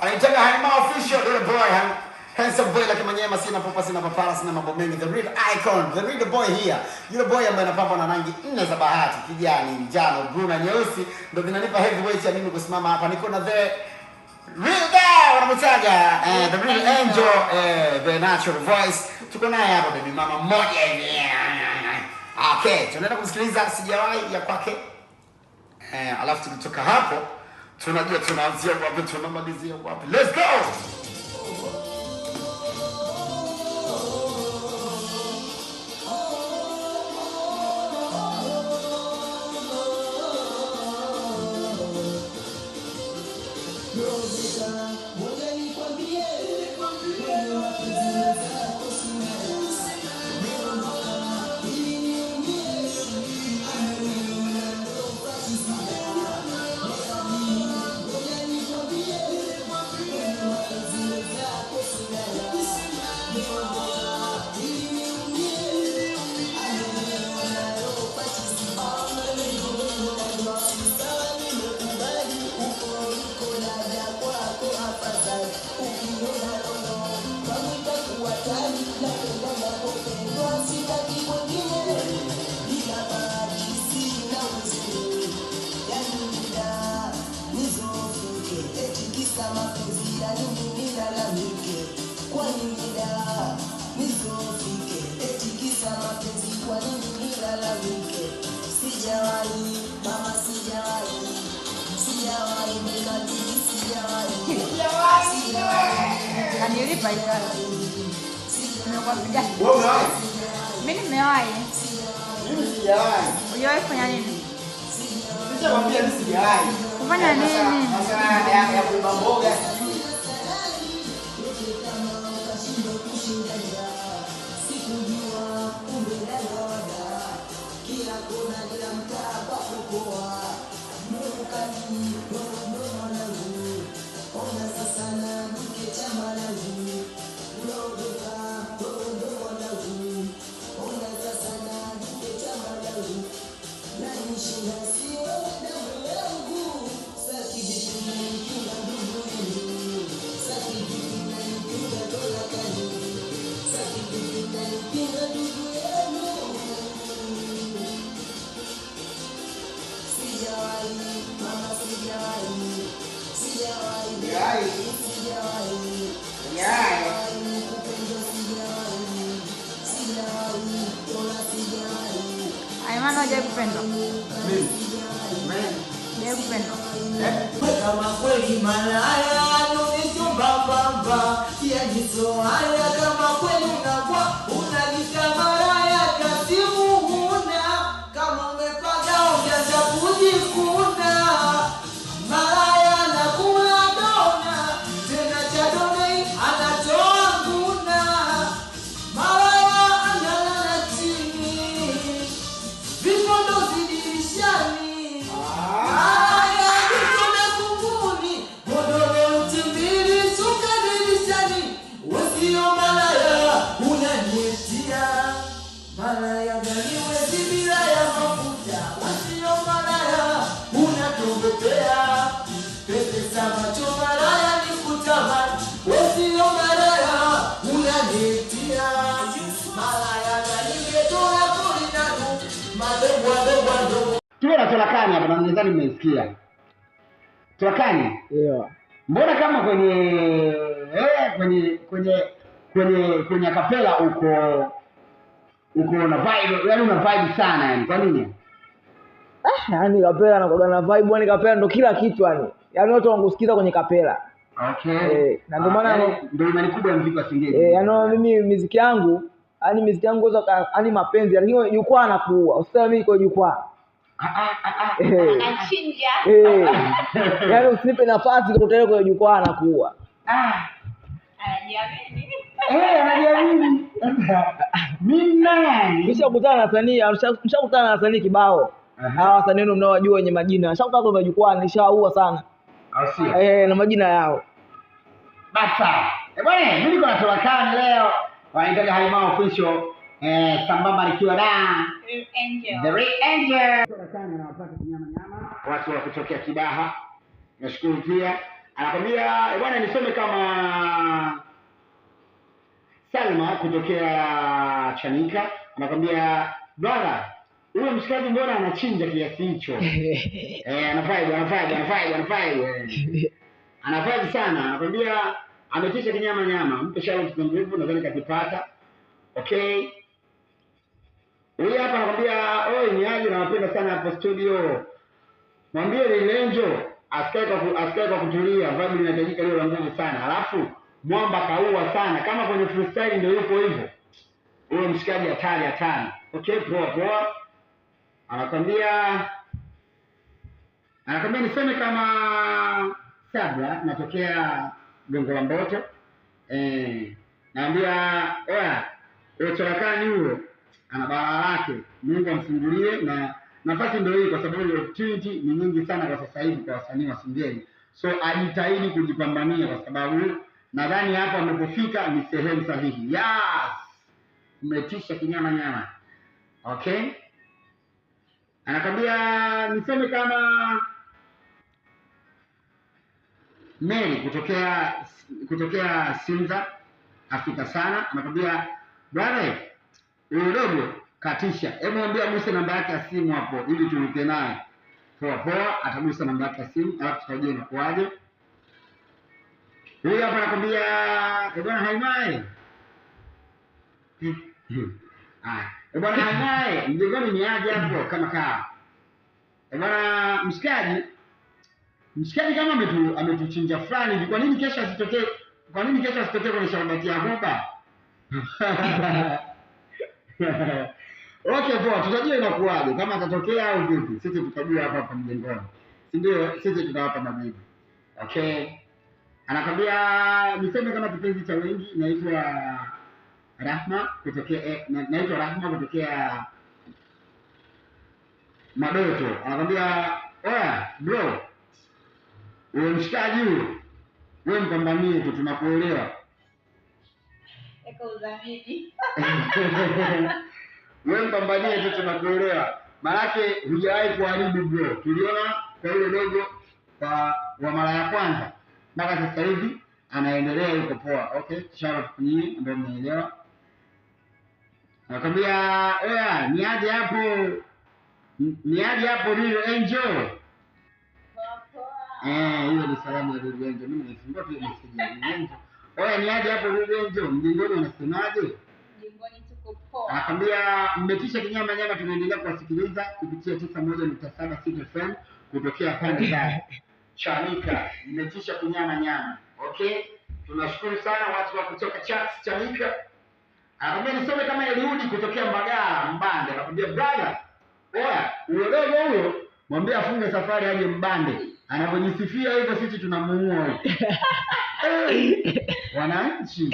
anaitaga Halima official yule boy ha? handsome boy lakini mwenyewe na popa sina papara sina mambo mengi the real icon the real boy here yule boy ambaye anapamba na rangi nne za bahati kijani njano blue na nyeusi ndio vinanipa heavyweight ya mimi kusimama hapa niko na the real guy wanamtaja eh, the real angel eh, the natural voice tuko naye hapa baby mama mmoja hivi okay tunaenda kumsikiliza sijawahi ya kwake eh, alafu tukitoka hapo tunajua tunaanzia wapi, tunamalizia wapi. Let's go! Andiri bayar. Mewah pedas. Ini ya. Ini sialan. Uyo punya ini. Bisa mampir di yang yang belum bambu guys. Kita guna dalam love you. Hapana, hajawahi kupendwa. Hajawahi kupendwa. Kama kweli kama Chorakani hapa na nadhani mmesikia. Chorakani? Ndio. Mbona kama kwenye eh, kwenye kwenye kwenye kwenye kapela uko uko na vibe, yaani una vibe sana yani. Kwa nini? Ah, yani kapela na kwa na vibe, yani kapela ndo kila kitu yani. Yaani watu wanakusikiza kwenye kapela. Okay. Eh, na ndio ah, maana yaani ndio imani kubwa ya muziki wa Singeli. Eh, yaani mimi muziki yangu, yani muziki yangu yani mapenzi, lakini jukwaa anakuua. Usiseme mimi kwa jukwaa yaani usinipe nafasi nikutane kwenye jukwaa anakuwa anajiamini ah. mshakutana na wasanii mshakutana na wasanii kibao hawa wasanii wenu mnaowajua wenye majina shakutana kwenye majukwaa nishawaua sana eh, eh, na majina yao eh, bwana mimi niko leo haimao official eh, sambamba the angel sana na wapate nyama, watu wa kutokea Kibaha. Nashukuru pia anakwambia eh, bwana, nisome kama Salma kutokea Chanika anakwambia bwana, huyo mshikaji mbona anachinja kiasi hicho? Eh, anafaibu sana. Anakwambia ametisha kinyama nyama, mpe challenge nadhani katipata. Okay. Hii hapa anakwambia wewe nyaji na napenda sana hapo studio. Mwambie Lilenjo askae kwa askae kwa kutulia, vibe linahitajika leo la nguvu sana. Alafu mwamba kaua sana kama kwenye freestyle ndio yupo hivyo. Huyo mshikaji hatari hatari. Okay, poa poa. Anakwambia anakwambia niseme kama Sabla natokea Gongo la Mboto. Eh, naambia oya, wewe chorakani huyo ana bara lake. Mungu amfungulie na nafasi ndio hii, kwa sababu opportunity ni nyingi sana kwa sasa hivi kwa wasanii wa Singeli, so ajitahidi kujipambania, kwa sababu nadhani hapa amepofika ni sehemu sahihi. Yes, umetisha kinyama nyama. Okay, anakwambia niseme kama Mary kutokea kutokea Sinza, Afrika sana, anakwambia brother yule katisha. Hebu mwambie aguse namba yake ya simu hapo ili tuongee naye. Poa poa, atagusa namba yake ya simu alafu tutajua inakuaje. Huyu hapa anakwambia eh, bwana Haimai. Ah, bwana Haimai, mjengoni ni aje hapo kama kaa. Eh, bwana mshikaji. Mshikaji kama ametu ametuchinja fulani hivi, kwa nini kesho asitokee? Kwa nini kesho asitokee kwenye sharubati ya hapa? Okay, poa, tutajua inakuwaje kama atatokea au vipi. Sisi tutajua hapa hapa mjengoni, si ndio? Sisi tutawapa majibu. Okay, anakwambia niseme kama kipenzi cha wengi. Naitwa Rahma kutokea eh, naitwa Rahma kutokea Madoto. Anakwambia oya bro, uwe mshikaji huyo, wewe mpambanie tu, tunakuelewa Wewe mpambanie tu, tunakuelewa. Maanake hujawahi kuharibu bro. Tuliona kwa yule dogo kwa wa mara ya kwanza mpaka sasa hivi anaendelea yuko poa. Okay, shout out nyinyi ambao mnaelewa. Nakwambia wewe ni aje hapo? Ni aje hapo Lilo Angel? Eh, hiyo ni salamu ya Lilo Angel. Mimi naifungua pia message ya Angel. Wewe ni aje hapo Rubenjo? Mjengoni unasemaje? Mjengoni tuko poa. Nakwambia mmetisha kinyama nyama tunaendelea kuwasikiliza kupitia 91.76 FM kutokea pande za Chanika. Mmetisha kinyama nyama. Okay? Tunashukuru sana watu wa kutoka Chax Chanika. Anakwambia nisome kama Eliudi kutokea Mbagala Mbande. Anakwambia brother, oya, uelewe huyo, mwambie afunge safari aje Mbande. Anapojisifia hivyo sisi tunamuua. Wananchi